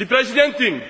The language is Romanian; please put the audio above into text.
Die Präsidentin!